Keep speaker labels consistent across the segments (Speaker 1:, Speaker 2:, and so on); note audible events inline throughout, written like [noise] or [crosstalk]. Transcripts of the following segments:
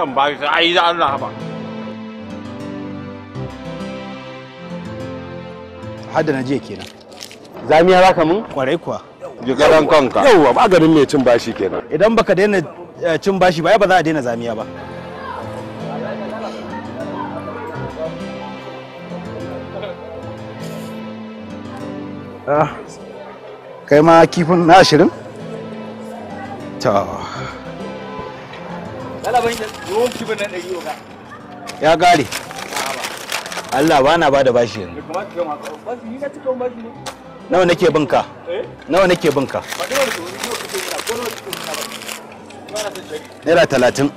Speaker 1: zan da na je kenan zamiya za ka mun kwarai kuwa jikaran kanka yauwa ba garin mai cin bashi kenan idan baka daina eh, cin bashi ba ba za a daina zamiya ba ah, kai ma kifin na ashirin? ta ya gare Allah ba na ba da bashi yanzu nawa nake binka nawa nake binka naira talatin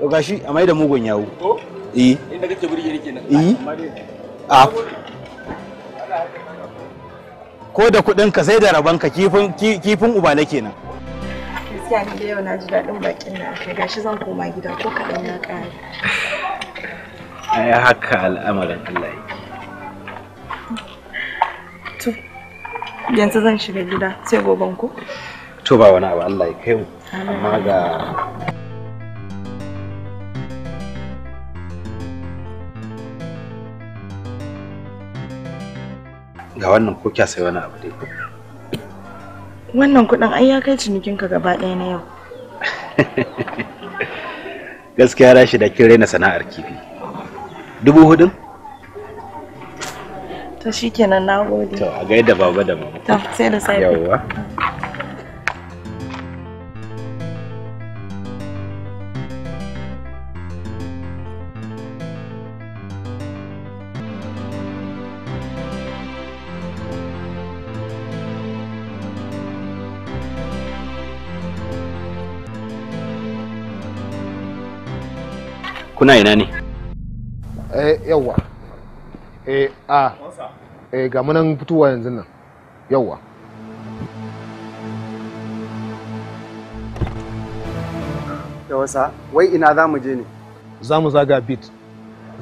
Speaker 1: to gashi a mai da mugun yawo eh inda kake burge nake kenan eh a ko da kudin ka sai da rabanka kifin kifin uba nake nan
Speaker 2: gaskiya ni da yau na ji daɗin bakin na kai gashi zan koma gida ko kaɗan na ƙare.
Speaker 1: Ai haka al'amarin Allah yake.
Speaker 2: To yanzu zan shiga gida sai goben ko?
Speaker 1: To ba wani abu Allah ya kai mu.
Speaker 3: Amma ga
Speaker 1: ga wannan ko kya sai wani abu dai
Speaker 2: Wannan kuɗin ai ya kai cinikinka gaba ɗaya na yau.
Speaker 1: [laughs] Gaskiya rashi da kin raina sana'ar kifi. Dubu hudun?
Speaker 2: To shikenan na gode. To
Speaker 1: a gaida baba da mama. ta sai da sai. Yawwa. kuna ina ne eh yawa eh a eh ga munan fitowa yanzu nan yawa yawasa wai ina za je ne za mu zaga bit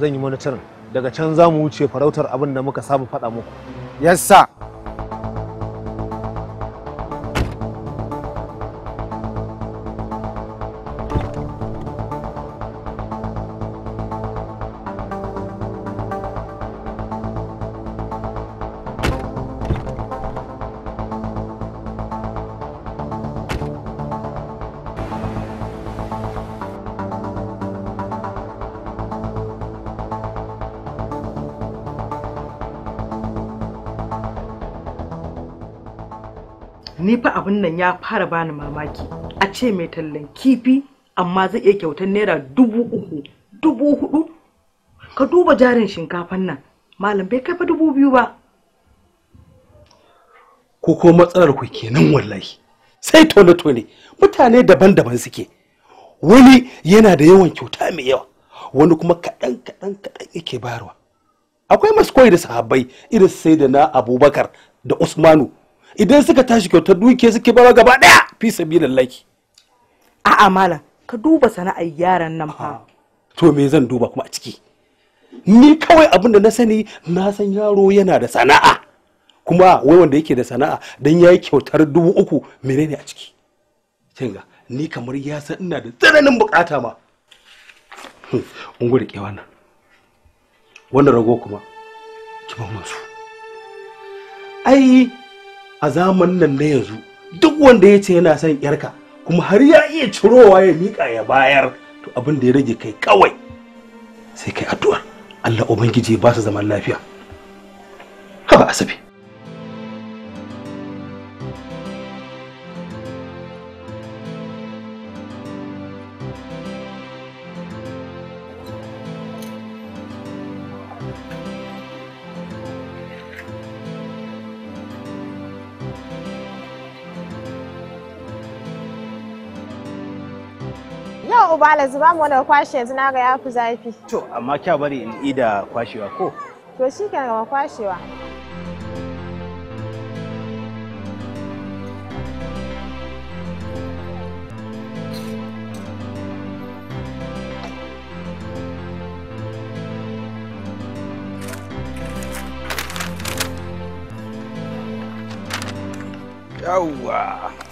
Speaker 1: zan yi monitoring daga can za mu wuce farautar abin da muka saba faɗa muku yassa
Speaker 2: ni fa abin nan ya fara bani mamaki a ce mai tallan kifi amma zai iya kyautar naira dubu uku dubu hudu ka duba jarin shinkafan nan malam bai kai fa dubu biyu ba
Speaker 1: ko ko matsalar ku kenan wallahi sai tone tone mutane daban-daban suke wani yana da yawan kyauta mai yawa wani kuma kaɗan kaɗan kaɗan yake bayarwa akwai masu koyi da sahabbai irin sai da na abubakar da usmanu idan suka tashi kyautar duke suke bawa gaba daya fi lallaki.
Speaker 2: a'a malam ka duba sana'ar yaran nan fa
Speaker 1: to me zan duba kuma a ciki ni kawai abin da na sani na san yaro yana da sana'a kuma wai wanda yake da sana'a dan yayi kyautar dubu uku menene a ciki kinga ni kamar ya san ina da tsananin bukata ma hmm, unguri ke wannan wannan rago kuma ki ba su ai a zaman nan na yanzu duk wanda ya ce yana son yarka kuma har ya iya cirowa ya miƙa ya bayar to abin da ya rage kai kawai sai kai addu'a Allah ubangiji ba su zaman lafiya haba asabi
Speaker 2: Malam zuba mu wani kwashe yanzu na ga ya fi zafi. To
Speaker 1: amma kya bari in ida kwashewa ko?
Speaker 2: To shi ke gama kwashewa.
Speaker 1: Yawwa!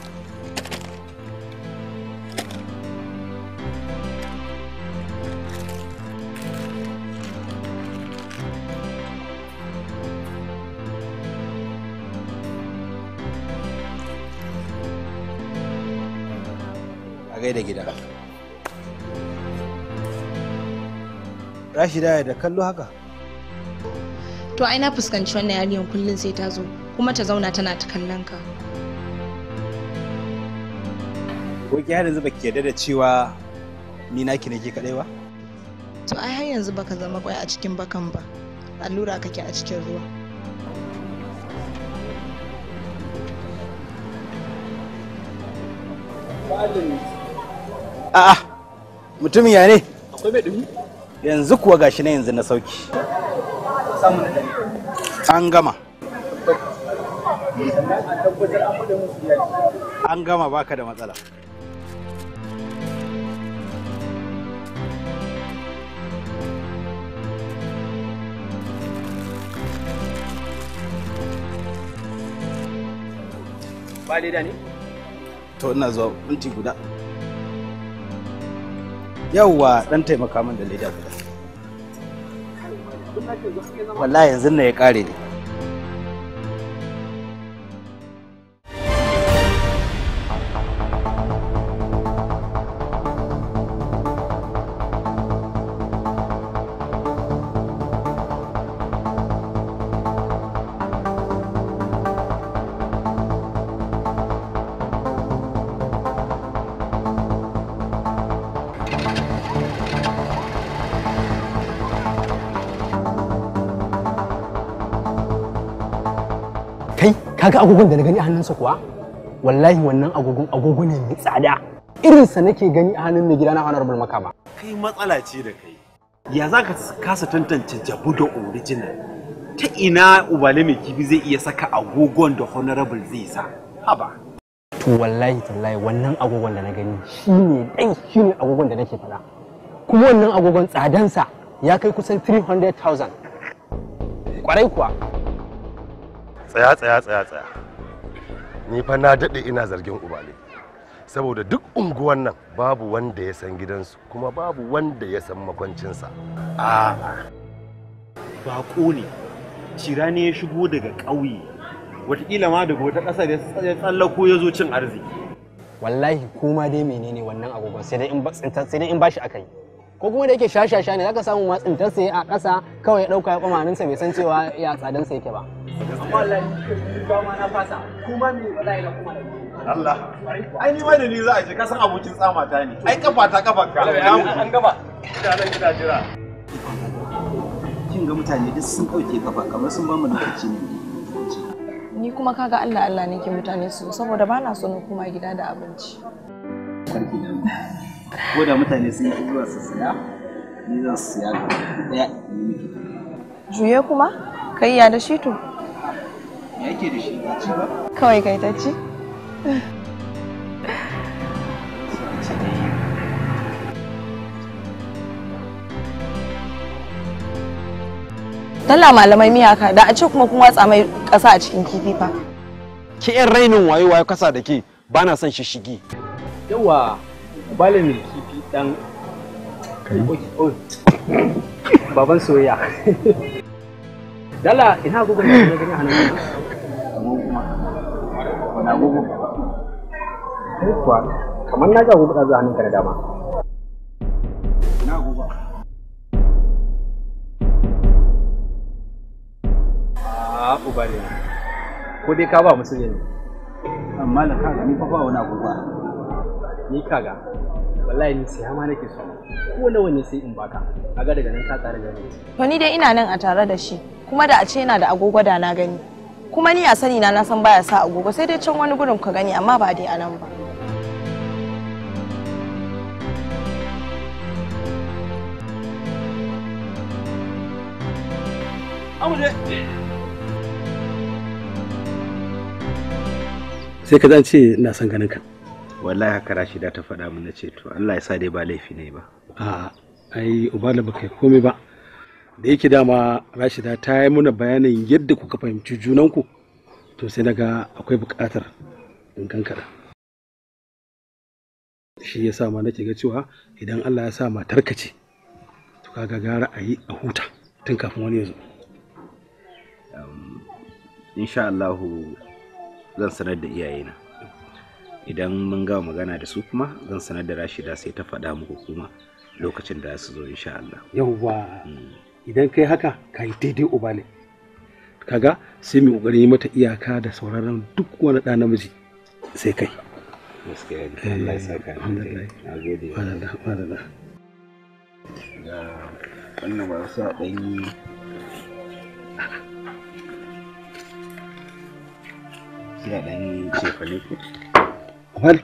Speaker 1: a gaida gida rashida da kallo haka
Speaker 2: to ai na fuskanci wannan yarinyar kullum sai ta zo kuma ta zauna tana ta kallon ka
Speaker 1: ko ki har yanzu baki yarda da cewa ni naki nake kadai ba
Speaker 2: to ai har yanzu baka zama kwai a cikin bakan ba allura kake a cikin ruwa
Speaker 1: you. a'a mutumin ya ne akwai mai dumi yanzu kuwa gashi na yanzu na sauki an gama an gama baka da matsala ba leda ne to ina zuwa minti guda yauwa dan taimaka min da leda
Speaker 3: guda
Speaker 1: wallahi yanzu ne ya kare ne kaga agogon da na gani a hannunsa kuwa wallahi wannan agogon agogo ne mai tsada sa nake gani a hannun mai gida na honorable makama kai matsala ce da kai ya za ka kasa tantance jabu da original ta ina ubale mai kifi zai iya saka agogon da honorable zai sa haba to wallahi tallahi wannan agogon da na gani shine shi shine agogon da nake faɗa kuma wannan agogon tsadansa ya kai kusan 300,000 kwarai kuwa tsaya tsaya tsaya tsaya ni fa na daɗe ina zargin ubale saboda duk unguwan nan babu wanda ya san gidansu kuma babu wanda ya san makwancinsa a baƙo ne cira ne ya shigo daga ƙauye wataƙila ma daga wata ƙasa da ya tsallako ya zo cin arziki wallahi kuma dai menene wannan agogon sai dai in ba shi aka yi ko kuma da yake shashasha ne zaka samu matsintar sai a ƙasa kawai ya ɗauka ya kwamanin sa bai san cewa ya tsadan sa yake ba amma wallahi ba ma na fasa kuma me ba za kuma Allah ai ni ma da ni za a je ka san abokin tsama ta ne ai kafa ta kafar ka an gaba ina nan ina jira kin ga mutane duk sun ɗauke kafa kamar sun ba mu lokaci ne
Speaker 2: ni kuma kaga Allah Allah nake mutane su saboda bana son so na koma gida da abinci.
Speaker 1: ko da mutane sun yi zuwa su siya ni zan siya ga muke.
Speaker 2: juye kuma kai ya da shi to me
Speaker 3: yake da shi ba ci ba
Speaker 2: kawai kai ta ci Dala malamai ka da a ce kuma kun watsa mai ƙasa a cikin
Speaker 1: kifi fa. Ki 'yan rainin wayo wayo kasa da ke ba na son shishigi. Yawa bala mai kifi dan baban soyayya dala ina agogo na gani a na agogo eh, kuwa kamar na ga agogo ɗazu a hannunka na dama ina agogo a ah, uba ne ko dai ka ba musulmi ne amma da kaga ni fa ba wani agogo ni kaga wallahi ni sai ma nake so ko nawa ne sai in baka ga daga nan ka
Speaker 3: tsara ni
Speaker 2: to ni dai ina nan a tare da shi kuma da a ce yana da agogo da na gani kuma ni a sani na na san baya sa agogo sai dai can wani gurin ka gani amma ba dai a nan ba
Speaker 1: sai ka zan ce na san ganin ka wallahi haka rashida ta faɗa min ce to Allah ya sa dai ba laifi ne ba a ai ubala baka yi komai ba da yake dama rashida ta yi mana bayanin yadda kuka fahimci junanku to sai daga akwai buƙatar in kankara shi ya sa ma nake ga cewa idan Allah ya sa matarka ce to kaga gara a a huta tun kafin wani ya zo insha allahu zan sanar da iyayena idan mun gama magana da su kuma zan sanar da rashida sai ta faɗa muku kuma lokacin da su zo insha Allah yawwa mm. idan kai haka ka yi daidai uba ne kaga sai mu yi mata iyaka da sauraron duk wani ɗa namiji sai kai eh, wannan ba Wal,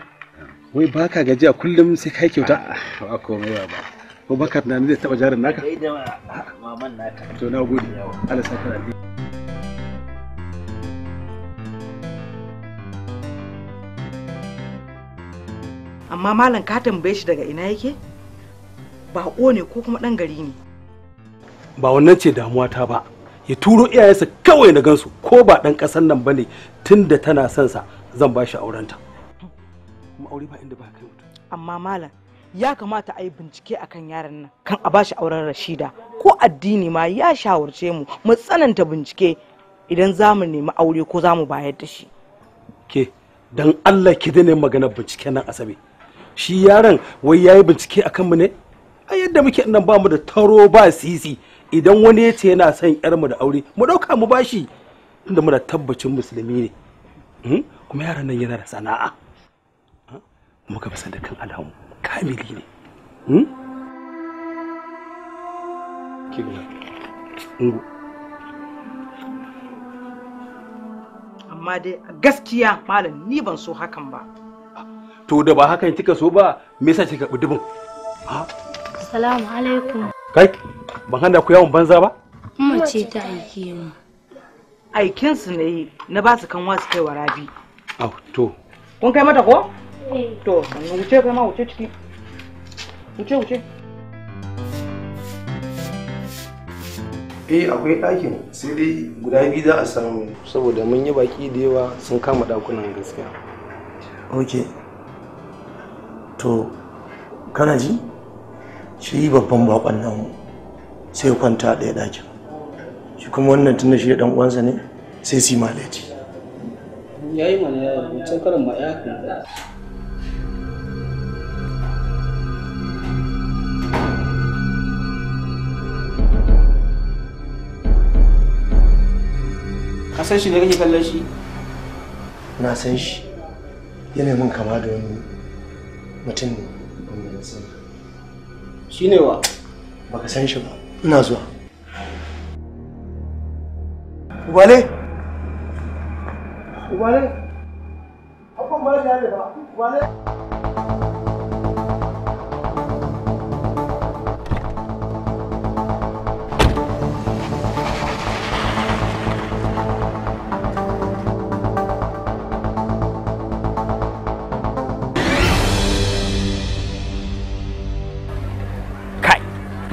Speaker 1: wai ba ka gajiya kullum sai kai kyauta? Ah, ba komai ba. Ko baka tunanin zai taba jarin naka? da maman naka. To na gode. Allah sa kana
Speaker 2: Amma malam ka tambaye shi daga ina yake? ba'o ne ko kuma ɗan gari ne?
Speaker 1: Ba wannan ce damuwa ta ba. ya turo iyayensa kawai na gansu ko ba ɗan ƙasan nan ba ne tun da tana son sa zan ba shi aurenta. aure ba inda ba kai
Speaker 2: mutum amma malam ya kamata a yi bincike akan yaron nan
Speaker 1: kan a bashi auren rashida
Speaker 2: ko addini ma ya shawarce mu mu tsananta bincike idan za mu nemi aure ko
Speaker 1: za mu bayar da shi ke dan allah ki daina magana bincike nan asabe shi yaron wai yayi bincike akan mu ne a yadda muke nan ba mu da taro ba sisi idan wani ya ce yana son mu da aure mu ɗauka mu bashi inda muna tabbacin musulmi ne hmm? kuma yaron nan yana da sana'a muka ba da
Speaker 3: kan alamu kamili ne hmm?
Speaker 2: amma dai gaskiya malam ni ban so hakan ba
Speaker 1: to da ba hakan kika so ba me yasa kika bi dubin
Speaker 2: assalamu alaikum
Speaker 1: kai ban hana ku yawon banza ba
Speaker 2: kuma ce ta aiki mu aikin su ne na ba su kan wasu kai wa rabi to kun kai mata ko to wuce kai ma wuce ciki wuce
Speaker 1: eh akwai ɗakin sai dai guda biyu za a samu saboda mun yi baki da yawa sun kama ɗakunan gaskiya ok to kana ji shi babban bakon namu sai kwanta ɗaya ɗakin shi kuma wannan tunda shi da uwansa ne sai si malaji ya yi mana ya yi karan ma ya ka san shi ne kake kallon shi na san shi yana min kama da wani mutum ne wanda na shi ne wa baka san shi ba
Speaker 3: ina zuwa ubale ubale
Speaker 1: abban ba da ba ubale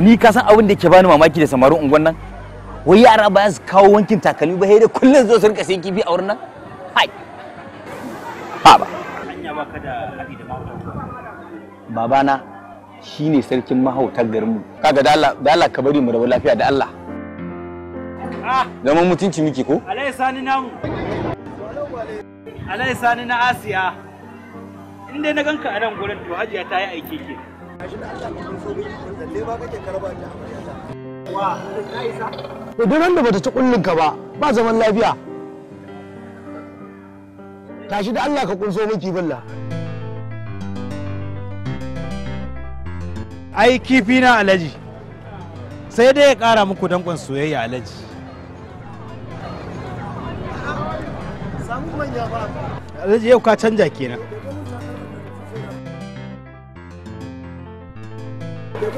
Speaker 1: ni ka san abin da ke bani mamaki da samarin unguwan nan wai yara ba su kawo wankin takalmi ba sai da kullun zo su rinka sai kifi a wurin nan hai ha ba babana shine sarkin mahautar garinmu kaga da Allah da Allah ka bari mu rabu lafiya da Allah ah! zaman mutunci miki ko alai sani namu alai sani na asiya inda na ganka a nan gurin to hajiya ta yi aiki ke Idan nan da bata ci ka ba, ba zaman lafiya. Tashi da Allah ka kunso min kifin la. Ai kifi na alaji. Sai dai ya ƙara muku dankon soyayya alaji. Alaji yau ka canja kenan. Ɗari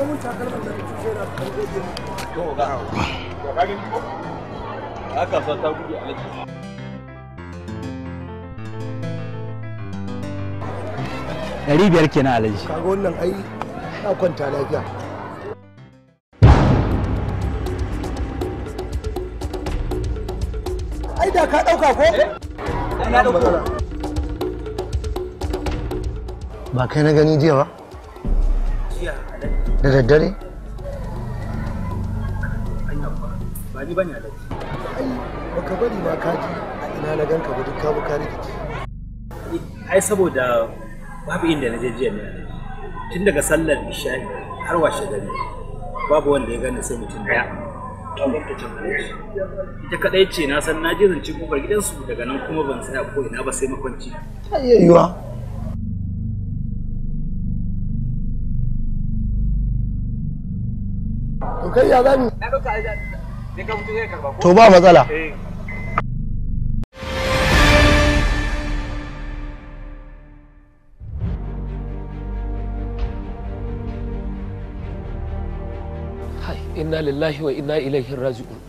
Speaker 1: biyar kenan alaji. Kaga wannan ai na kwanta lafiya. Ai da ka ɗauka ko? Eh? Na ɗauka. Ba kai na gani jiya ba? Jiya. da daddare ba ni bari ma kaji a ina na ganka ba duk ka buka rikici ai saboda babu inda na je jiya ne tun daga sallar isha'i har washe gari babu wanda ya gane sai mutum daya ta ita kadai ce na san na je zance kofar gidansu daga
Speaker 3: nan kuma ban tsaya ko ina ba sai makwanci ta iya yiwa to kai ya zani to ba matsala eh.
Speaker 1: inna lillahi wa inna ilaihi raji'un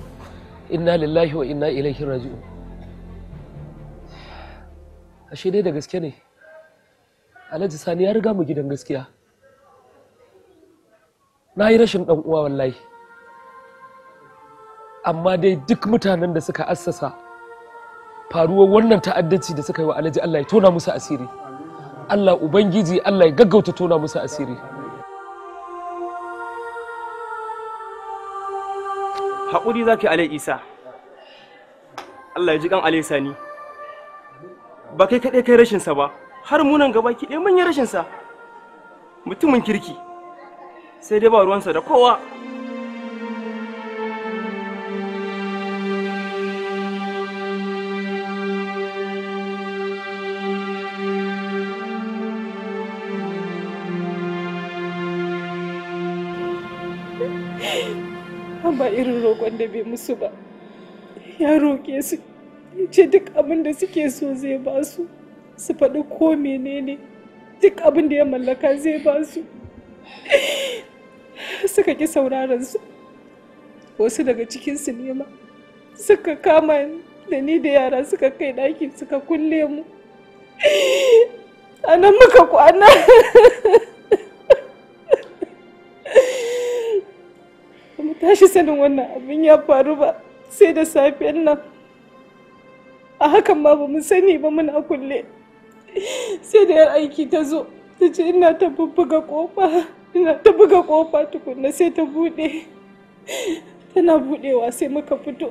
Speaker 1: inna lillahi wa inna ilaihi raji'un ashe dai da gaske ne alhaji sani ya riga mu gidan gaskiya na yi rashin dan uwa wallahi amma dai duk mutanen da suka assasa faruwar wannan ta'addanci da suka yi wa alhaji Allah ya tona musu asiri Allah ubangiji Allah ya gaggauta tona musu asiri haƙuri zaki alai isa Allah ya ji kan alai ni. ba kai kaɗai kai rashinsa ba har munan gaba ki ɗaya manyan rashinsa mutumin kirki sai dai ba ruwansa da kowa
Speaker 3: ba irin roƙon da bai musu ba ya roƙe su ya ce duk abin da suke so zai ba su su faɗi ko menene duk abin da ya mallaka zai ba su suka ƙi sauraron su wasu daga cikin su nema, suka kama da ni da yara suka kai ɗaki suka kulle mu a nan muka kwana tashi sanin wannan abin ya faru ba sai da safiyan nan a hakan ma ba mun sani ba muna kulle sai da yar aiki ta zo ta ce ina ta bubbuga kofa ina ta buga kofa tukunna sai ta bude tana budewa sai muka fito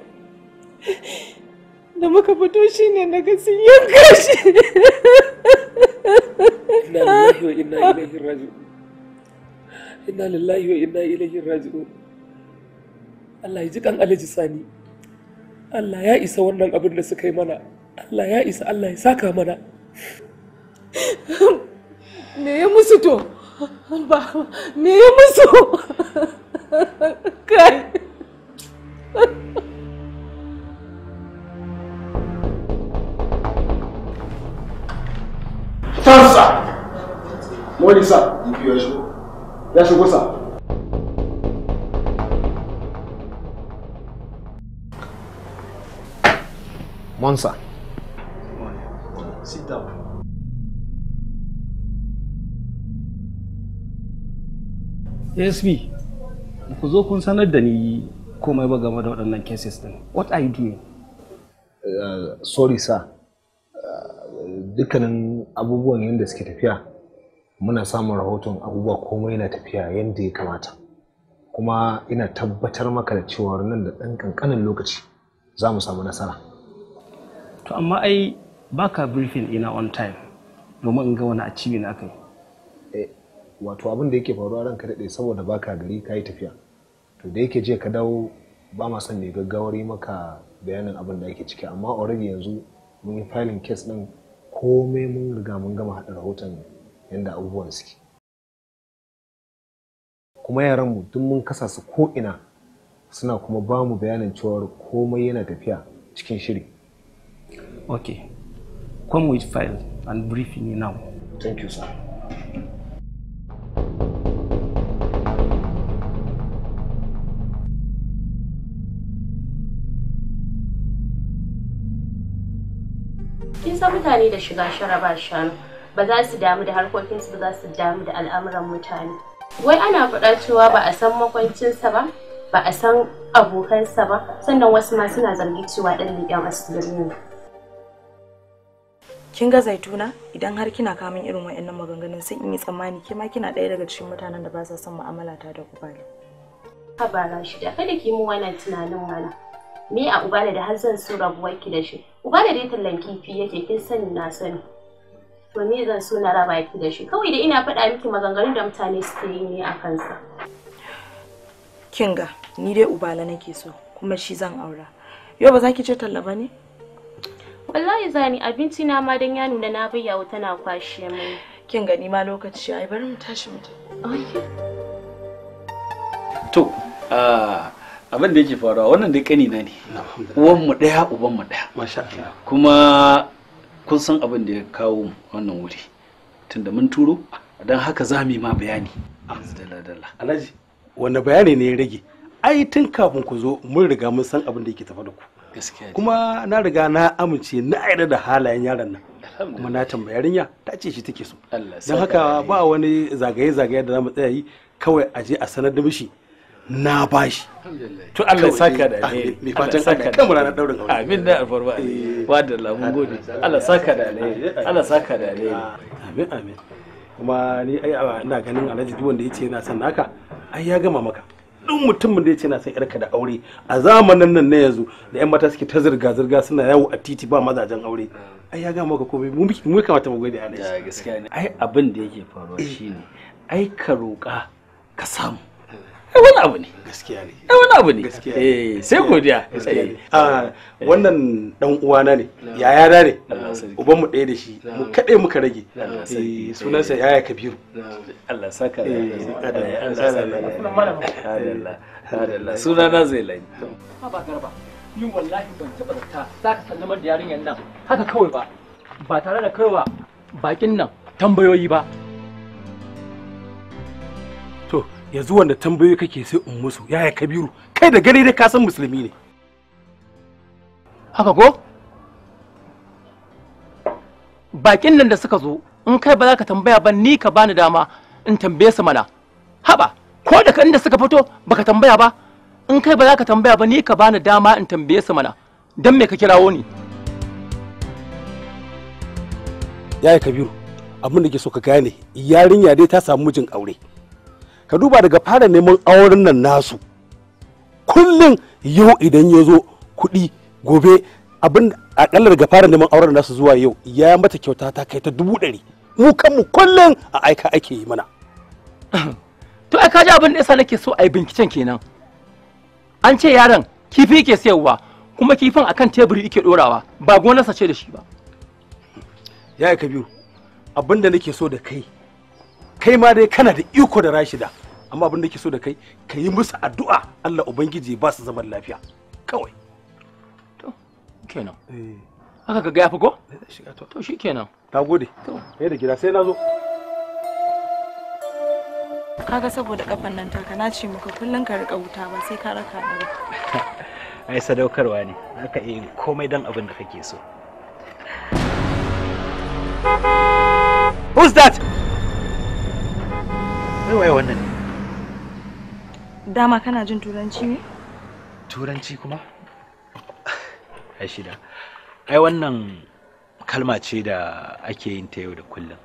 Speaker 3: da muka fito shine na ga sun yanka shi inna lillahi wa inna ilaihi raji'un
Speaker 1: inna lillahi wa inna ilaihi raji'un Allah ya ji kan Alhaji Sani Allah ya isa wannan abin da suka yi mana Allah ya isa Allah ya saka mana
Speaker 3: [laughs] me ya musu to ba me ya musu [laughs] kai
Speaker 1: Tansa! Molisa, ya shigo. Ya shugo sa. Monsa. Sit down. ASB, ku zo kun sanar da ni komai ba game da waɗannan cases ɗin. What are you doing? Uh, sorry sir. Uh, dukkanin abubuwan yadda suke tafiya muna samun rahoton abubuwa komai na tafiya yadda ya kamata. Kuma ina tabbatar maka da cewa nan da ɗan ƙanƙanin lokaci za mu samu nasara. to amma ai baka briefing ina on time domin in ga wani achieve na kai eh, wato abin da yake faruwa ranka daɗe saboda baka gari ka yi tafiya to da yake je ka dawo ba ma son ne gaggawar maka bayanin abin da yake ciki amma already yanzu mun yi filing case din komai mun riga mun gama haɗa rahoton yadda abubuwan suke kuma yaran mu duk mun kasa su ko ina suna kuma ba mu bayanin cewa komai yana tafiya cikin shiri Okay. Come with file and brief me now. Thank you, sir.
Speaker 4: Kin san mutane da shiga sharaba shanu ba za su damu da harkokinsu ba za su damu da al'amuran mutane. Wai ana faɗa cewa ba a san makwancinsa ba, ba a san abokansa ba, sannan wasu ma suna zargi cewa ɗan leƙen asiri ne.
Speaker 2: kin ga zaituna idan har kina kamun irin wayannan maganganun sun yi tsammani ke ma kina ɗaya daga cikin mutanen da ba sa son mu'amala ta da ubali shi da kada
Speaker 4: ki mu wannan tunanin mana me a ubala da har zan so rabuwar ki da shi da dai tallan kifi yake kin sani na sani to me zan so na raba ki da shi kawai da ina faɗa miki maganganun da mutane suke yi ne a kansa
Speaker 2: kinga ni dai ubala nake so kuma shi zan aura yau ba za ki ce talla ba ne wallahi zani abinci na ma dan ya nuna na bayyawa tana kwashe mai kin gani ma lokaci ai bari
Speaker 1: mu tashi mu to abin da yake faruwa wannan dai kani na ne uwan mu daya uban mu daya masha Allah kuma kun san abin da ya kawo mu wannan wuri tunda mun turo dan haka za mu yi ma bayani dala alhaji wanda bayani ne ya rage ai tun kafin ku zo mun riga mun san abin da yake tafa da ku kuma na riga na amince na aida da halayen yaron nan kuma na tambaya yarinya ta ce shi take so don haka ba wani zagaye-zagaye da za mu tsaya yi kawai a je a sanar da mishi na bashi
Speaker 3: to Allah ya saka da alheri mai fatan saka da mu ranar daurin aure
Speaker 1: amin da alfarma eh. wa da lamun gode Allah saka da alheri Allah saka da alheri amin amin kuma ni ai ina ganin Alhaji duk wanda yace yana son naka ai ya gama maka duk mutumin da ya ce na san yarka da aure a zamanin nan na yanzu da yan mata suke ta zirga zirga suna yawo a titi ba mazajen aure ai ya ga maka komai mu kamata mu gode Allah gaskiya ne ai abin da yake faruwa eh. shine ai ka roƙa ka samu wani abu ne gaskiya ne wani abu ne gaskiya eh sai godiya eh. Ah, wannan dan uwana ne yaya da ne uban mu ɗaya da shi mu kaɗai muka rage eh, sunansa yaya kabiru Allah saka eh, Allah suna na zai ba garba wallahi ban taba sallamar da nan haka kawai ba ba tare da kaiwa bakin nan tambayoyi ba yanzu wanda tambayoyi kake sai in musu yaya kabiru kai da gani dai ka san musulmi ne haka ko bakin nan da suka zo in kai ba za ka tambaya ba ni ka bani dama in tambaye su mana haba ko da kan da suka fito baka tambaya ba in kai ba za ka tambaya ba ni ka bani dama in tambaye su mana dan me ka kirawo ni yaya kabiru abin da ke so ka gane yarinya dai ta samu mijin aure ka duba daga fara neman auren nan nasu kullum yau idan ya zo kuɗi gobe abin akalla daga fara neman auren nasu zuwa yau ya mata kyauta ta kai ta dubu ɗari mu kanmu kullum a aika ake yi mana [coughs] to ai kaji abin da yasa nake so a yi binkicen kenan an ce yaron kifi ke sayarwa kuma kifin akan teburi yake dorawa ba gonarsa ce da shi ba ya ka biyu abin nake so da kai kai ma dai kana da iko da rashida amma abin da ke so da kai ka yi musu addu'a Allah ubangiji ba su zaman lafiya kawai to kenan eh. haka ka ga
Speaker 3: yafi ko eh, to shi kenan
Speaker 1: ta gode kai da gida sai na
Speaker 2: kaga saboda kafan nan taka na ce muka kullun ka rika wuta ba sai ka raka ni
Speaker 1: ba [laughs] ai sadaukarwa ne haka eh komai dan abin da kake so Who's that? wai waye wannan ne
Speaker 2: dama kana jin turanci ne
Speaker 1: turanci kuma ai shida ai wannan kalma ce da ake yin ta yau da kullum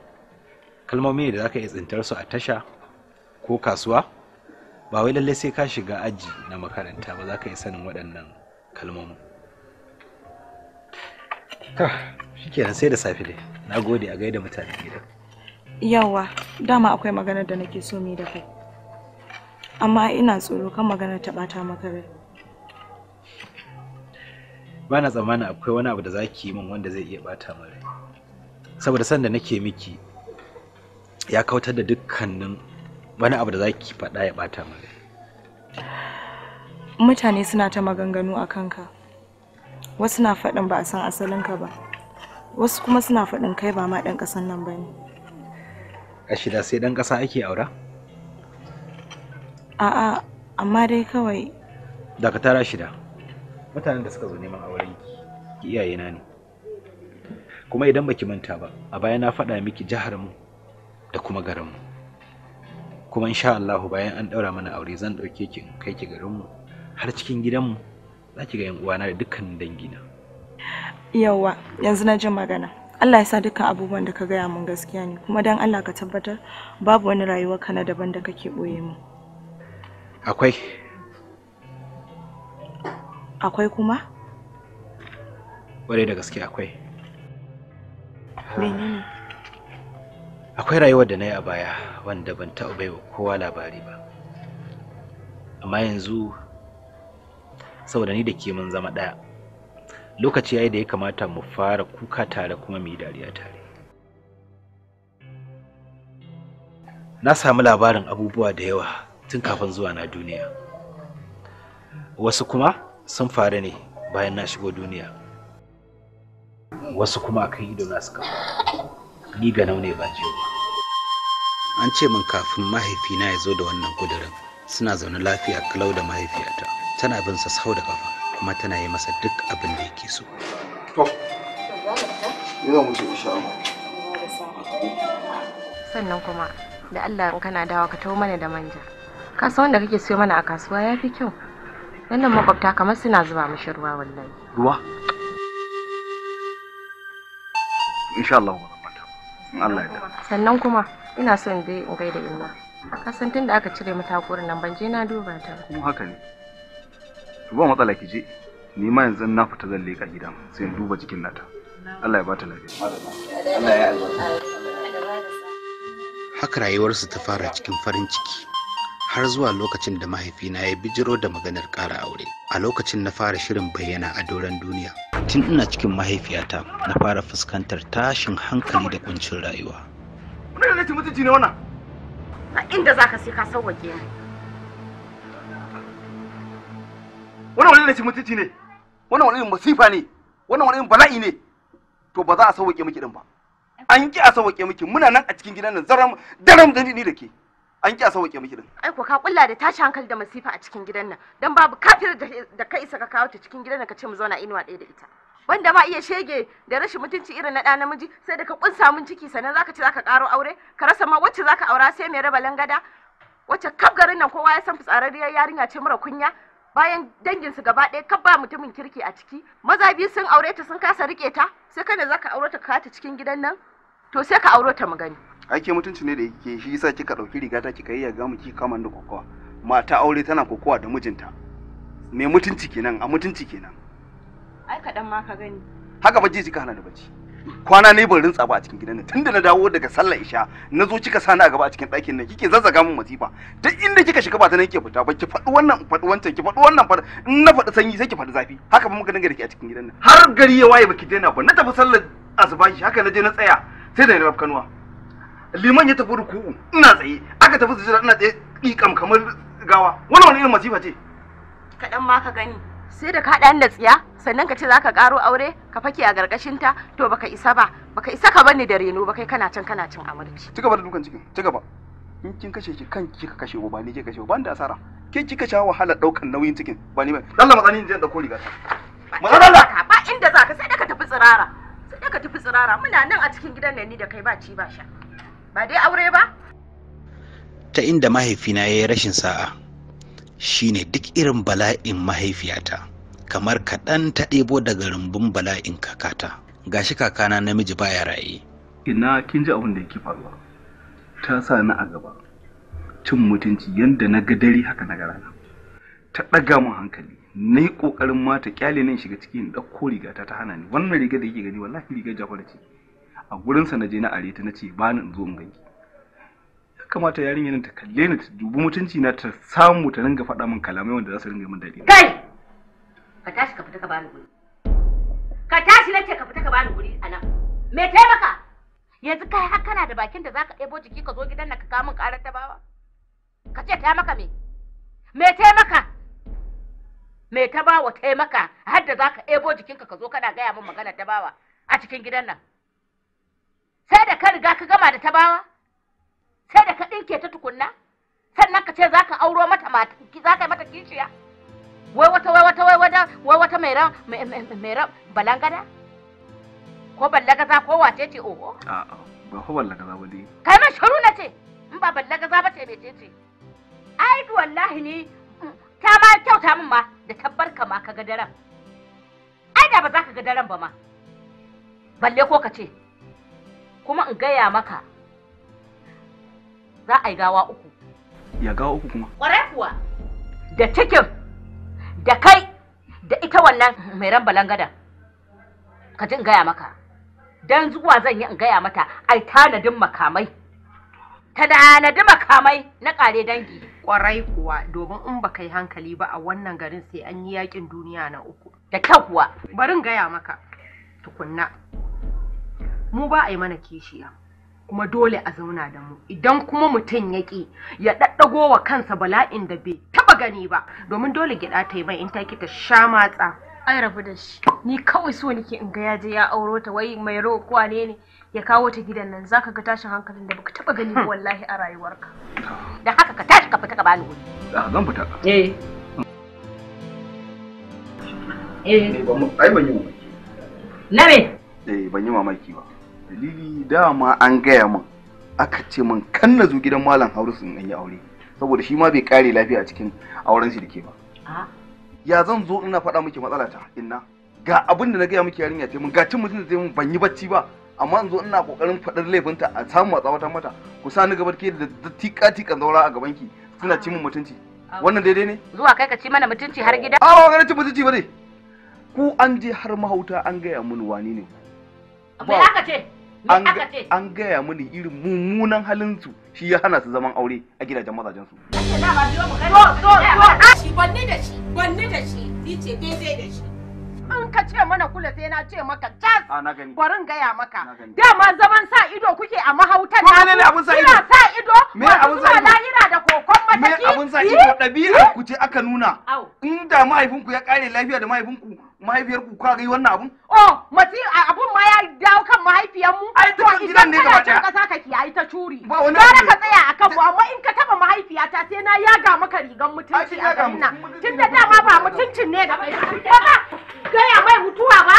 Speaker 1: kalmomi ne da zaka iya tsintar su a tasha ko kasuwa ba wai lallai sai ka shiga aji na makaranta ba za ka iya sanin waɗannan kalmomin to shikenan sai da safe dai na gode a gaida mutane gidan
Speaker 2: Yawa, dama akwai maganar da nake so mu da kai. Amma ina tsoro kan maganar ta bata maka rai.
Speaker 1: Ba na tsammanin akwai wani abu da za ki yi min wanda zai iya bata min rai. Saboda san da nake miki ya kautar da dukkanin wani abu da za ki faɗa ya bata min rai.
Speaker 2: Mutane suna ta maganganu a kanka. Wasu na faɗin ba a san asalinka ba. Wasu kuma suna faɗin kai ba ma ɗan ƙasan nan ba ne.
Speaker 1: a shida sai dan kasa ake aura?
Speaker 2: A'a, amma dai kawai.
Speaker 1: Daga tara shida, mutanen da suka zo neman aurenki ki iyayena ne. Kuma idan baki manta ba, a bayan na faɗa miki jihar mu da kuma garin mu. Kuma insha Allah bayan an ɗaura mana aure zan ɗauke ki kai ki garin mu har cikin gidan mu za ki ga yan uwana da dukkan dangina.
Speaker 2: Yawwa, yanzu na jin magana. Allah ya sa dukkan abubuwan da ka gaya min gaskiya ne kuma dan Allah ka tabbatar babu wani rayuwar ka na daban da kake boye mu. akwai akwai kuma
Speaker 1: ware da gaske akwai menene akwai rayuwar da na yi a baya wanda ban taɓa baiwa kowa labari ba amma yanzu saboda ni da ke mun zama ɗaya lokaci yayi da ya kamata mu fara kuka tare kuma mu yi dariya tare na samu labarin abubuwa da yawa tun kafin zuwa na duniya wasu kuma sun faru ne bayan na shigo duniya wasu kuma akan ido na suka ni ga ne ba an ce min kafin mahaifina ya zo da wannan kudirin suna zaune lafiya kalau da mahaifiyata tana bin sa sau da kafa kuma tana yi masa duk abin da yake so to
Speaker 4: sannan kuma da Allah in kana dawa ka taho mana da manja ka san wanda kake siyo mana a kasuwa ya fi kyau wannan makwabta kamar suna zuba mishi ruwa wallahi
Speaker 1: ruwa insha Allah in Allah ya
Speaker 4: sannan kuma ina so in je in gaida inna kasan tun tunda aka cire mata nan ban je na duba ta
Speaker 1: kuma haka ne to ba matsala ki je ni ma yanzu na fita zan leƙa gidan sai in duba jikin nata Allah ya ba ta lafiya Allah ya haka rayuwarsu ta fara cikin farin ciki har zuwa lokacin da mahaifina ya bijiro da maganar ƙara aure a lokacin na fara shirin bayyana a doron duniya tun ina cikin mahaifiyata na fara fuskantar tashin hankali da kuncin rayuwa wani mutunci ne wannan a inda zaka sai ka sauwake ni wannan wani rashin mutunci ne wannan wani masifa ne wannan wani bala'i ne to ba za a sauwaƙe miki din ba an ki a sauwaƙe miki muna nan a cikin gidan nan zaram daram da ni da ke an ki a sauwaƙe miki din
Speaker 4: ai ko ka kulla da tashi hankali da masifa a cikin gidan nan dan babu kafir da ka isa ka kawo ta cikin gidan nan ka ce mu zauna inuwa ɗaya da ita wanda ma iya shege da rashin mutunci irin na ɗa namiji sai da ka kunsa mun ciki sannan zaka ci zaka ƙaro aure ka rasa ma wacce zaka aura sai mai raba langada wacce kaf garin nan kowa ya san fitsararriyar yarinya ce mara kunya bayan danginsu gaba ɗaya kab ba mutumin kirki a ciki maza biyu sun aure ta sun kasa rike ta sai kana za ka aure ta ka ta cikin gidan nan to sai ka aure ta mu gani
Speaker 1: ake mutunci ne da yake shi yasa kika ɗauki riga ta kika yi ya gamu ki kaman da kokowa mata aure tana kokowa da mijinta me mutunci kenan a mutunci kenan
Speaker 4: ai kaɗan ma ka gani
Speaker 1: haka ba ji ka hana da bacci kwana ne ban rintsa ba a cikin gidan nan tunda na dawo daga sallar isha na zo kika sani a gaba a cikin ɗakin nan kike zazzaga mun masifa duk inda kika shiga ba ta nan kike fita ba ki faɗi wannan faɗi wancan ki faɗi wannan faɗi in na faɗi sanyi sai ki faɗi zafi haka ba muka dinga dake a cikin gidan nan har gari ya waye baki daina ba na tafi sallar azuba shi haka na je na tsaya sai da ni kanuwa liman ya tafi ruku'u ina tsaye aka tafi sujada ina tsaye ƙiƙam kamar gawa wannan wani irin masifa ce
Speaker 4: kaɗan ma ka gani sai da ka haɗa ni da tsiya sannan ka ce za ka ƙaro aure ka fake a gargashinta to baka isa ba baka isa ka bani da reno baka kana can kana cin amurci
Speaker 1: ci gaba da dukan cikin ci gaba in kin kashe ki kan ki ka kashe ba ni ke kashe ba da asara ke kika sha wahala daukan nauyin cikin ba ni ba Allah matsani zan dauko riga ta matsala
Speaker 4: ba inda za ka sai da ka tafi tsirara sai da ka tafi tsirara muna nan a cikin gidan nan ni da kai ba ci ba sha ba dai aure ba
Speaker 1: ta inda mahaifina ya yi rashin sa'a Shi ne duk irin bala'in mahaifiyata kamar kaɗan ta ɗebo daga rumbun bala'in kakata Ga shi kakana namiji baya raye ina kin ji abin da yake faruwa ta sa ni a gaba cin mutunci yanda na ga dare haka na rana ta ɗaga min hankali na yi ƙoƙarin mata ƙyale nan shiga ciki in ɗauko rigata ta hana ni wannan riga da yake gani wallahi rigar jafar ce a gurinsa na je na are ta na ce ba ni in zo in ganki kamata yarinya ta kalle ni ta dubi mutunci na ta samu ta ringa faɗa min kalamai wanda za su ringa min daɗi kai
Speaker 4: ka tashi ka fita ka bani guri ka tashi nace ka fita ka bani guri anan me taimaka yanzu kai har kana da bakin da zaka ɗebo jiki ka zo gidan nan ka kawo min ƙarar ta bawa ka ce ta maka me me taimaka me ta bawa taimaka har da zaka ɗebo jikinka ka zo kana gaya min magana ta bawa a cikin gidan nan sai da ka riga ka gama da tabawa sai da ka ɗinke ta tukunna sannan ka ce za ka auro mata za ka yi mata kishiya wai wata wai wata wai wata wai wata mai ran mai ran balangada ko ballagaza ko wace ce oho
Speaker 1: a'a ba ko ballagaza ba dai
Speaker 4: kai ma sharu na ce in ba ballagaza ba ce mai ce ai wallahi ni ta ma kyauta min ma da tabbar ka ma ka ga daren ai da ba za ka ga daren ba ma balle ko ka ce kuma in gaya maka za a yi gawa uku
Speaker 1: ya gawa uku kuma
Speaker 4: ƙwarai kuwa da cikin da kai da ita wannan mai ran balangada ka ji in gaya maka dan zuwa zan yi in gaya mata ai tanadin makamai ta tanadi makamai na ƙare dangi Ƙwarai kuwa domin in baka yi hankali ba a wannan garin sai an yi yakin duniya na uku da kyau kuwa bari in gaya maka tukunna mu ba a yi mana kishiya kuma dole a zauna da mu idan kuma mutum ya ƙi ya ɗaɗɗago wa kansa bala'in da bai taɓa gani ba domin dole gyaɗa ta yi mai in ta ki ta sha matsa ai rabu da shi ni kawai so nake in ga yaje ya auro ta wai mai roƙuwa ne ne ya kawo ta gidan nan zaka ga tashin hankalin da baka taɓa gani ba hmm. wallahi a rayuwarka da haka ka tashi ka fita ka bani
Speaker 1: wuri zan fita eh eh ai ban yi mamaki na me eh ban yi mamaki ba dalili dama an gaya min aka ce min kan na zo gidan malam haurusu in yi aure saboda shi ma bai kare lafiya a cikin auren shi da ke
Speaker 2: ba
Speaker 1: ya zan zo ina faɗa miki matsala ta inna ga abin da na gaya miki yarinya ta mun ga cin mutum da zai mun ban yi bacci ba amma in zo ina kokarin faɗar laifinta a samu a mata ku sa ni gabar ke da tika tikan zaura a gaban ki suna cimin mutunci wannan daidai ne
Speaker 4: zuwa kai ka ci mana mutunci har gida a ba ga
Speaker 1: cin mutunci ba ne ku an je har mahauta an gaya mun wani ne ku ce an gaya mini irin mummunan halinsu shi ya hana su zaman aure a gidajen mazajensu.
Speaker 4: Shi banni da shi, banni da shi, ni ce daidai da shi. In ka ce mana kula sai na ce maka cas barin gaya maka. Dama zaman sa ido kuke a mahautan na su. Kuna sa ido
Speaker 1: masu zuwa lahira da kokon mataki. Me abun sa ido eh? ɗabi'a ku ce aka nuna. inda mahaifinku ya ƙare lafiya da mahaifinku mahaifiyar ku kuka yi wannan abun oh mati abun ma ya dawo kan mahaifiyarmu? mu ai dukkan gidan ne gaba daya
Speaker 4: kasa kake ai ta curi ba wani ka tsaya akan mu amma in ka taba mahaifiyata sai na yaga maka rigan mutunci a garin nan tunda dama ba mutuncin ne da kai kaga ya mai mutuwa ba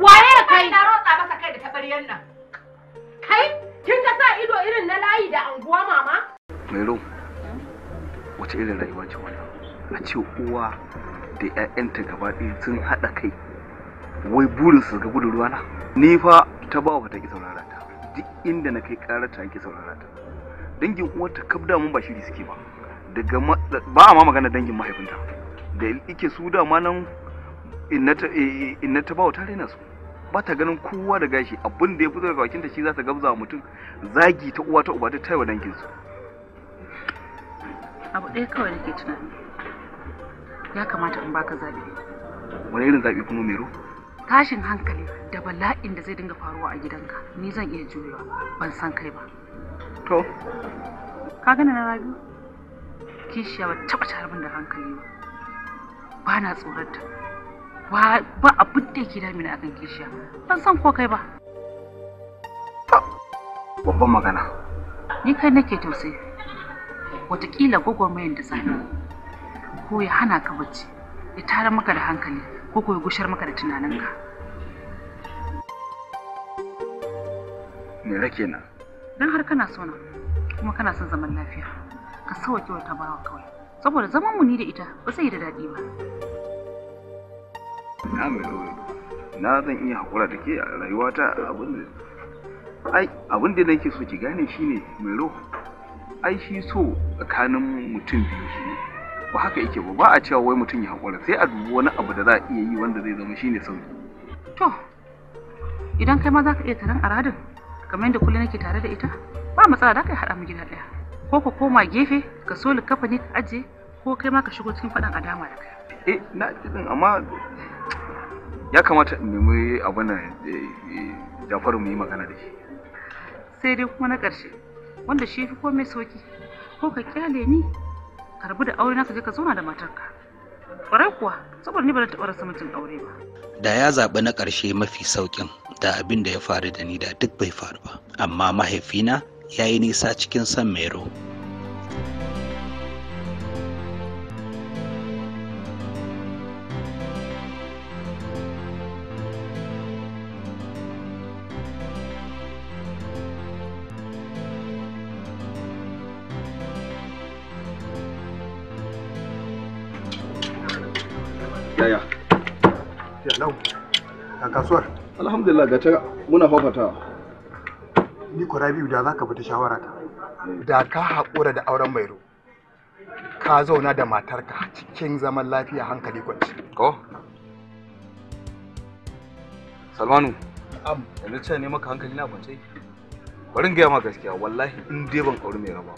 Speaker 4: waye kai na rotsa masa kai da tabaryan nan kai kin ka sa ido irin na layi da anguwa mama
Speaker 1: Mero, wace irin rayuwa ce wannan? a ce uwa da 'ya'yanta gaba ɗaya sun haɗa kai wai burin su ga gudun ruwa na ni fa ta ba wa ta ki saurara ta duk inda na kai ƙara ta ki saurara ta dangin uwar ta kabda mun ba shiri suke ba daga ba a ma magana dangin mahaifinta da ike su da ma nan eh, eh, inna ta ba wa ta raina su ba ta ganin kowa da gashi abin da ya fito daga bakinta shi za ta gabza mutum zagi ta uwa ta uba ta taiwa danginsu
Speaker 5: abu ɗaya kawai nake tunani ya kamata in baka zabi
Speaker 1: Wani irin zabi kuma Mero?
Speaker 5: Tashin hankali da bala'in da zai dinga faruwa a gidanka ni zan iya jurewa ban san kai ba. To? Ka gane na rabi? Kishiya ba taɓa tarbin da hankali ba. Ba na tsorata. Ba abin da yake damina akan kishiya. Ban san ko kai ba. Babban magana. Ni kai nake tausayi. Wataƙila gwagwarmayar da zai. ko ya hana ka bacci ya tara maka da hankali ko ko ya gushar maka da tunaninka me rake na dan har kana so na kuma kana son zaman lafiya ka sauke wata bawa kawai saboda zaman mu ni da ita ba zai da daɗi ba
Speaker 1: na mai na zan iya haƙura da ke a rayuwata abin da ai abin da nake so ki gane shine mai ro ai shi so tsakanin mutum biyu shi ba haka yake ba ba a cewa wai mutum ya haƙura sai a dubi wani abu da za a iya yi wanda zai zama shine sauki
Speaker 5: to idan kai ma za ka iya taron aradin kamar yadda kullum nake tare da ita ba matsala da ka haɗa mu gida ɗaya ko ka koma gefe ka so kafa ne ka ajiye ko kai ma ka shigo cikin faɗan adama da
Speaker 3: kai eh na
Speaker 1: din amma ya kamata in nemi abin nan eh, eh, Jafaru mu yi magana da shi
Speaker 5: sai dai kuma na ƙarshe wanda shi fi komai sauki, ko ka kyale ni ka da aure na ka je ka zauna da matarka kwarai kuwa saboda ni ba taɓa rasa mutum aure ba
Speaker 1: da ya zaɓi na ƙarshe mafi sauƙin da abin da ya faru da ni da duk bai faru ba amma mahaifina ya yi nisa cikin san mero lafiya a kasuwar alhamdulillah ga ta muna fafata ni kura biyu da za ka fita shawara ta da ka haƙura da auren mairo ka zauna da matarka cikin zaman lafiya hankali kwanci ko salmanu am yanzu ce ne maka hankali na kwance bari gaya ma gaskiya wallahi in dai ban kauri mai raba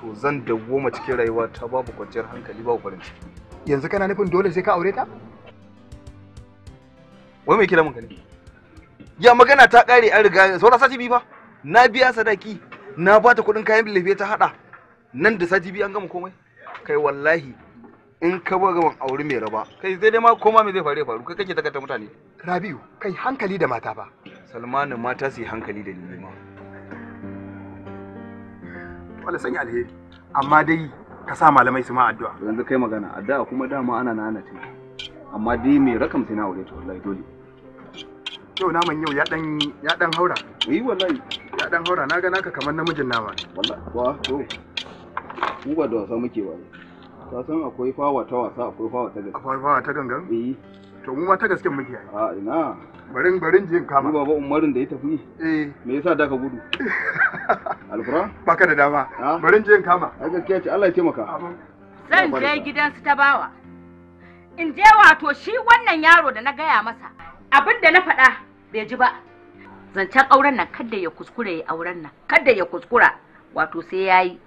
Speaker 1: to zan dawoma cikin rayuwa ta babu kwanciyar hankali babu farin ciki yanzu kana nufin dole sai ka aure ta wai mai kira mun ne ya magana ta kare an riga saura sati biyu fa na biya sadaki na bata kuɗin kayan lafiya ta hada nan da sati biyu an gama komai kai wallahi in ka ba gaban aure mai raba kai sai dai ma koma mai zai faru faru kai kake takata mutane Rabiu kai hankali da mata ba Salmanu mata su yi hankali da ni ma wala sanya alheri amma dai ka sa malamai su ma addu'a yanzu kai magana addu'a kuma dama ana nana ce amma dai mai rakam sai na aure ta wallahi dole yau naman yau ya dan ya dan haura eh wallahi ya dan haura naga naka kamar namijin nama wallahi wa to mu ba da wasa muke ba ka san akwai fawa ta wasa akwai fawa ta gangan akwai fawa ta gangan eh to mu ma ta gasken muke yi a ina barin barin jin kama baba umarin da ya tafi eh me yasa da ka gudu [laughs] alfura baka da dama barin jin kama Ai gaskiya ce Allah ya taimaka
Speaker 4: zan je gidan su ta bawa in je wato shi wannan yaro da na gaya masa abin da na faɗa bai ji ba zancen auren nan kada ya kuskure ya auren nan kada ya kuskura wato sai ya yi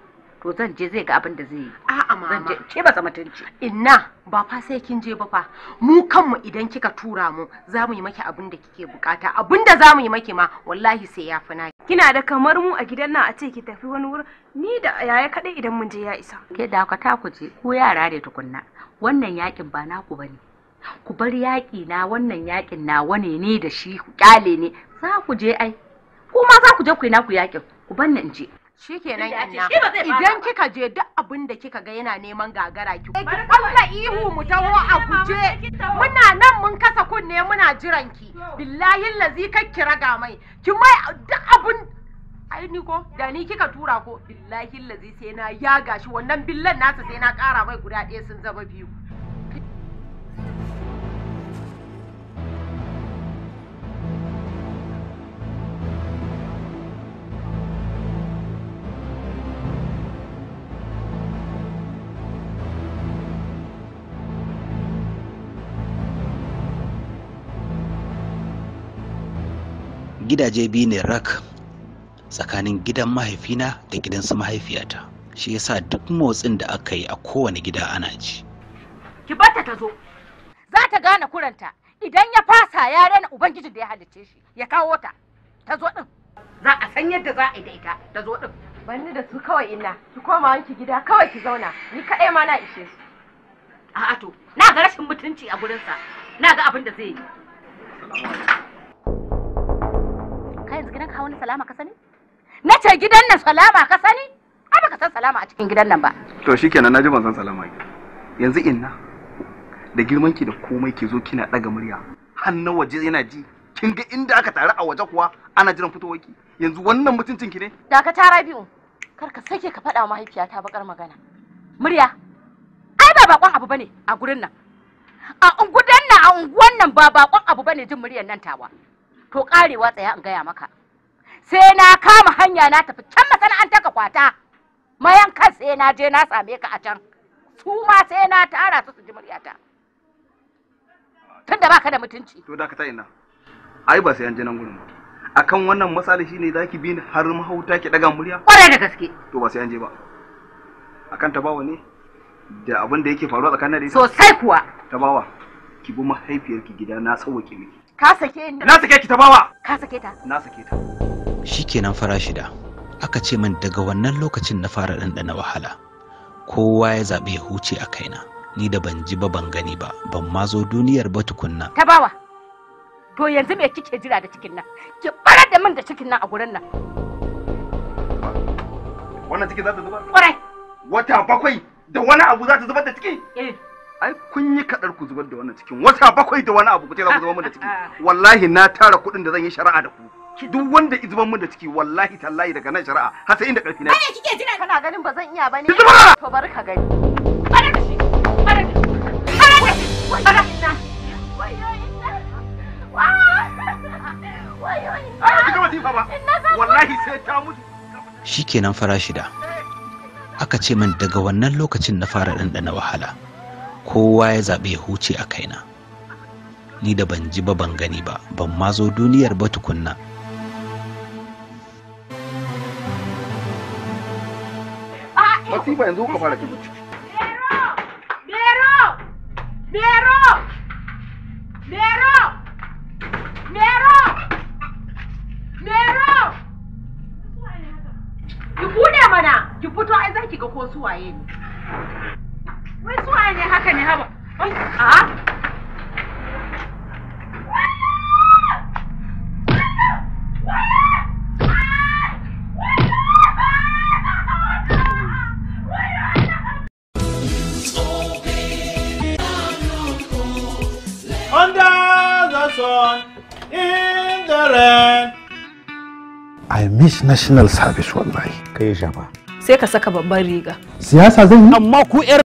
Speaker 4: to zan je zai ga abin da zai yi a'a mama ce ba mutunci inna ba fa sai kin je ba fa mu kanmu idan kika tura mu za mu yi maki abin da kike bukata abin da za mu yi maki ma wallahi sai ya fina kina da kamar mu a gidan nan a ce ki tafi wani wurin ni da yaya kadai idan mun je ya isa ke da ta ku je ko yara da tukunna wannan yakin ba naku bane ku bar yaƙi na wannan yaƙin na wane ne da shi ku ƙyale ne za ku je ai kuma za ku je ku yi naku yaƙin ku bar in je shikenan ina idan kika je duk abin da kika ga yana neman gagara ki kwalla ihu mu taho a guje muna nan mun kasa kunne muna jiran ki billahi lazi ki raga mai ki mai duk abin ai ni ko da ni kika tura ko billahi lazi sai na yaga shi wannan billan nasa sai na kara mai guda ɗaya sun zama biyu
Speaker 1: gidaje biyu ne rak tsakanin gidan mahaifina da gidan su mahaifiyata shi yasa duk motsin da aka yi a kowane gida ana ji
Speaker 4: ki barta ta zo za ta gane kuranta idan ya fasa ya rena ubangiji da ya halicce shi ya kawo ta ta zo din za a san yadda za a yi da ita ta zo din banni da su kawai ina ki koma wanki gida kawai ki zauna ni kaɗai ma na ishe su a'a to na ga rashin mutunci a gurinsa na ga abin da zai yi kawo ni salama ka sani na ce gidan nan salama ka sani ai baka san salama a cikin gidan nan ba
Speaker 1: to shikenan naji ban san salama yanzu inna da girman ki da komai ke zo kina daga murya Hanna waje yana ji kin ga inda aka taru a waje kuwa ana jiran fitowar ki yanzu wannan mutuncin ki ne
Speaker 4: da ka tara biyu kar ka sake ka faɗa mahaifiyata bakar magana murya ai ba bakon abu bane a gurin nan a ungudan nan a unguwan nan ba bakon abu bane jin muryar nan tawa to karewa tsaya in gaya maka sai na kama hanya na tafi can masana'anta ka kwata mayan kan sai na je na same ka a can su ma sai na tara su su ji muryata tunda baka da mutunci
Speaker 1: to da ka ta ina ai ba sai an je nan gurin ba akan wannan misali shine zaki bi ni har mahauta ki daga murya kware da gaske to ba sai an je ba akan tabawa ne da abin da yake faruwa tsakanin da ita sosai kuwa tabawa ki bi mahaifiyarki gida na tsawaki. miki
Speaker 4: ka sake ni
Speaker 1: na sake ki tabawa ka sake ta na sake ta shikenan fara shida aka ce min daga wannan lokacin na fara ɗanɗana wahala kowa ya zaɓi ya huce a kaina ni da ban ji ba ban gani ba ban ma zo duniyar ba tukunna
Speaker 4: tabawa to yanzu me kike jira da cikin nan ki barar da min da cikin nan a gurin nan
Speaker 1: wannan ciki za ta zubar kwarai wata bakwai da wani abu za ta zubar da ciki eh ai kun yi kadar ku zubar da wannan cikin wata bakwai da wani abu ku ce za ku zubar min da ciki [laughs] wallahi na tara kuɗin da zan yi shari'a da ku ki duk wanda izuban mun da ciki wallahi tallahi daga nan shari'a har sai inda karfi na ne
Speaker 4: kike jira kana ganin ba zan iya bane to bari ka gani
Speaker 1: ka shi kenan ka ka fara shida aka ce min daga wannan lokacin na fara ɗanɗana wahala kowa ya zaɓe ya huce a kaina ni da ban ji ba ban gani ba ban ma zo duniyar ba tukunna masifa yanzu ka fara tafi
Speaker 4: Bero! Ki bude mana, ki fito ai zaki ga ko suwaye ne. Wai suwaye ne haka ne haba? Ai, a?
Speaker 1: this national service wallahi kai jaba sai ka saka babban riga siyasa zan yi amma ku yar